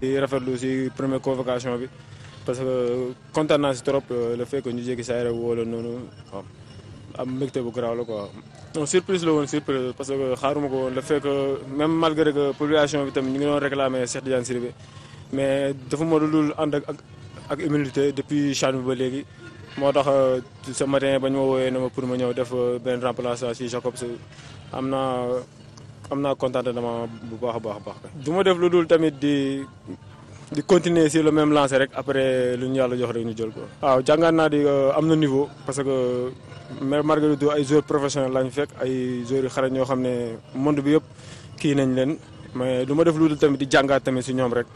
di rafetlu si première convocation bi parce que kontaan naa si trop euh, la fait ñu jékki saa yore woo la noonu am mbégte bu garaaw la quoi. non surprise la woon surprise parce que xaaruma ko woon le fait que même malgré que population bi tamit ñu ngi doon réclamer Cheikh Tidiane Sy bi mais dafa ma dul ànd ak ak humilité depuis chan bi ba léegi. moo tax euh, ce matin ba ñu ma wooyee na ma pour ma ñëw def euh, benn remplacement si Jacob am na am naa kontaan dama bu baax a baax a baax du ma def lu dul tamit di di continuer si le même lancé rek après lu ñu yàlla jox rek ñu jël ko. waaw jàngaat naa di euh, am na niveau parce que mère euh, Marguerite ay joueurs professionnels lañu fekk ay joueurs yu xarañ yoo xam ne monde bi yëpp kii nañ leen mais du ma def lu dul tamit di jàngaat tamit si ñoom rek.